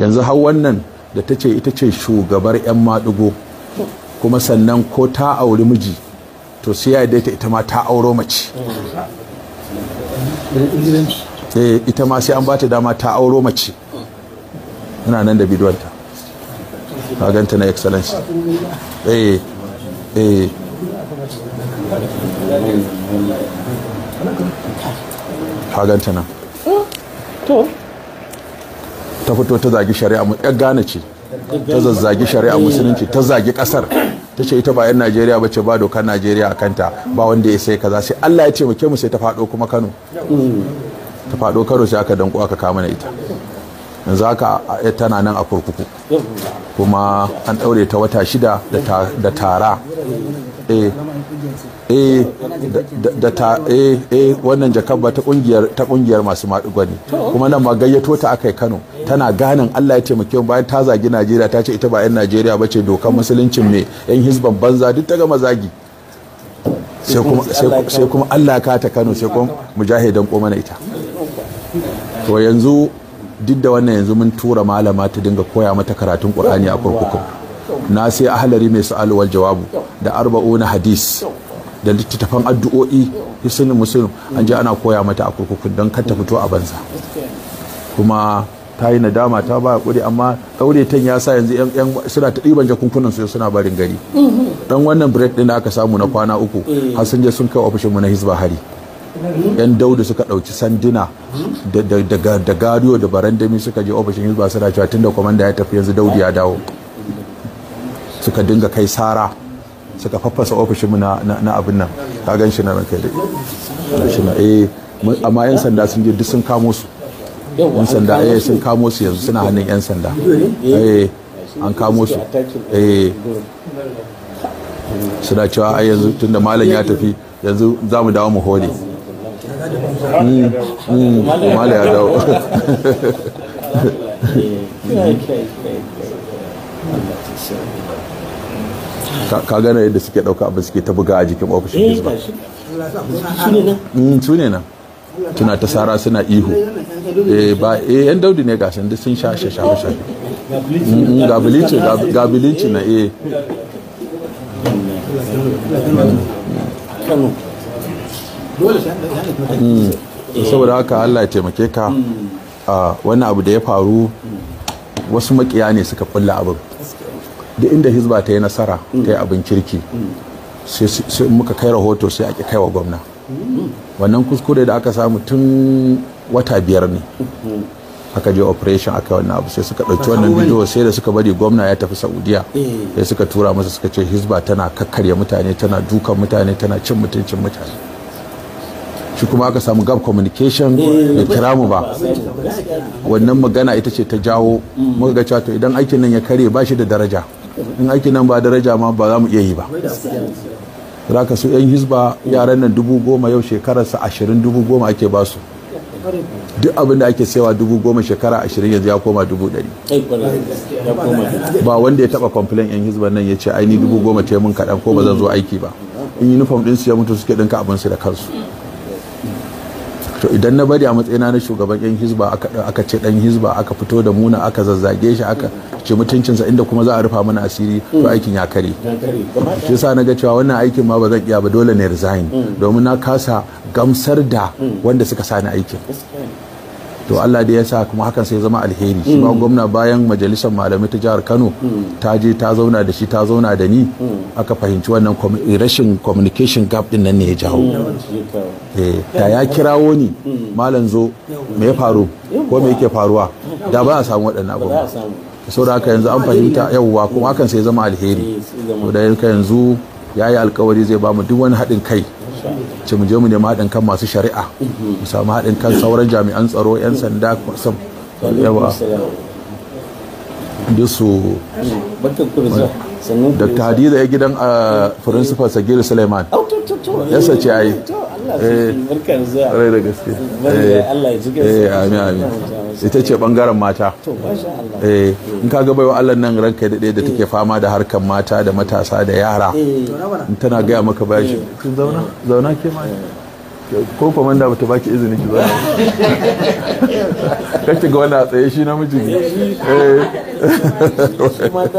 yanzu har wannan da ta ce ita ce shugabar 'yan maɗigo kuma sannan ko ta auri miji to sai ya daita ita ma ta auro mace eh, ita ma sai an ba ta dama ta auro mace ina nan da bidonta ta ganta na excellence eh eh ta ganta nan to ta fito ta zagi shari'a mu gane ce ta zazzagi shari'a musulunci ta zagi kasar ta ce ita ba yan najeriya ba ce ba dokar najeriya a kanta ba wanda ya sai kaza sai allah ya taimake mu sai ta faɗo kuma kano ta faɗo kano sai aka danko aka kama na ita yanzu haka tana nan a kurkuku kuma an ɗaure ta wata shida da tara eh. Eh, eh, eh, wannan jakabba ta kungiyar ta kungiyar masu maɗu ne kuma nan ma gayyato ta akai Kano tana ganin Allah ya taimake mu bayan ta zagi Najeriya ta ce ita ba yan Najeriya bace dokar musuluncin me yan hisban banza duk ta gama zagi sai kuma Allah ka ta Kano sai kuma mujahidan ko mana ita to yanzu duk da wannan yanzu mun tura malama ta dinga koya mata karatun Qur'ani a kurkukun na sai halari mai sa'alu wal jawabu da arba'una hadis da littattafan addu'o'i hisnin muslim an ji ana koya mata a kurkuku don kar ta fito a banza kuma ta yi nadama ta ba kuri amma daure ta ya sa yanzu yan suna ta ɗiban jakunkunan su suna barin gari dan wannan break din da aka samu na kwana uku eh. har sun je sun kai ofishin mu na hizba hari yan daudu suka ɗauki sanduna da gariyo da barandami suka je ofishin hizba suna cewa tunda kwamanda ya tafi yanzu daudu ya dawo suka dinga kai sara suka faffasa ofishinmu na abin nan ka gan shi na ranka da shi na eh amma yan sanda sun je duk sun kamo su yan sanda eh sun kamo su yanzu suna hannun yan sanda eh. eh an kamo su eh suna cewa ai yanzu tunda malam ya tafi yanzu za mu dawo mu hore hmm, hmm, malam ya dawo eh, ka gana yadda suke ɗauka abin suke ta buga a jikin ofishin eh, hizba su ne na. tuna mm, ta sara suna ihu eh ba eh yan daudi ne gashin duk sun shashe sha sha mm, mm, ga bilici na eh saboda haka Allah ya taimake ka ah, wani abu da ya faru wasu makiya ne suka kulla abin da inda hizba ta yi nasara ta yi abin kirki sai muka kai rahoto sai ake kai wa gwamna wannan kuskure da aka samu tun wata biyar ne aka je operation aka wannan abu sai suka ɗauki wannan bidiyo sai da suka bari gwamna ya tafi saudiya sai suka tura masa suka ce hizba tana kakkarya mutane tana dukan mutane tana cin mutuncin mutane shi kuma aka samu gab communication da kira mu ba wannan magana ita ce ta jawo muka ga cewa to idan aikin nan ya kare ba shi da daraja in aiki nan ba daraja ma ba za mu iya yi ba za ka su 'yan hisba yaran nan dubu goma yau shekarar sa ashirin dubu goma ake ba su duk abin da ake sayawa dubu goma shekara ashirin yanzu ya koma dubu ɗari ba wanda ya taba kwamfilan 'yan hisba nan ya ce ni dubu goma ce mun kaɗan ko ba zan zo aiki ba in yi nufam ɗinsu ya mutu suke ɗinka abinsu da kansu to idan na bari a matsayina na shugaban yan hizba aka ce dan hizba aka fito da muna aka zazzage shi aka ce mutuncinsa inda kuma za a rufa mana asiri to hmm. aikin ya kare shi yasa na ga cewa wannan aikin ma ba zan iya ba dole ne resign hmm. domin na kasa gamsar da hmm. wanda suka sani aikin to Allah da ya sa kuma hakan sai zama alheri shi ma mm. gwamna bayan majalisar malamai ta jihar Kano mm. ta je ta zauna da shi ta zauna da ni mm. aka fahimci wannan eh, rashin communication gap din nan ne ya jawo ta eh, da ya kirawo ni malam zo me ya faru ko me yake faruwa da ba a samu waɗannan abubuwa saboda haka yanzu an fahimta yawwa kuma hakan sai zama alheri eh, to da yanzu yayi alkawari zai ba mu duk wani haɗin kai ce mu je mu nemi haɗin kan masu shari'a mu samu haɗin kan sauran jami'an tsaro 'yan sanda kwasam yawa bisu dr hadiza ya gidan a ah, principal sagiru suleiman oh, eh. eh. ya sace a yi ita ce bangaren mata eh. in ka ga baiwa allan nan ranka daɗe da take fama da harkar mata da matasa da yara tana gaya maka bashi zauna ke ma ko komanda da baki izini ki zama kake ga wanda tsaye shi namiji ne eh.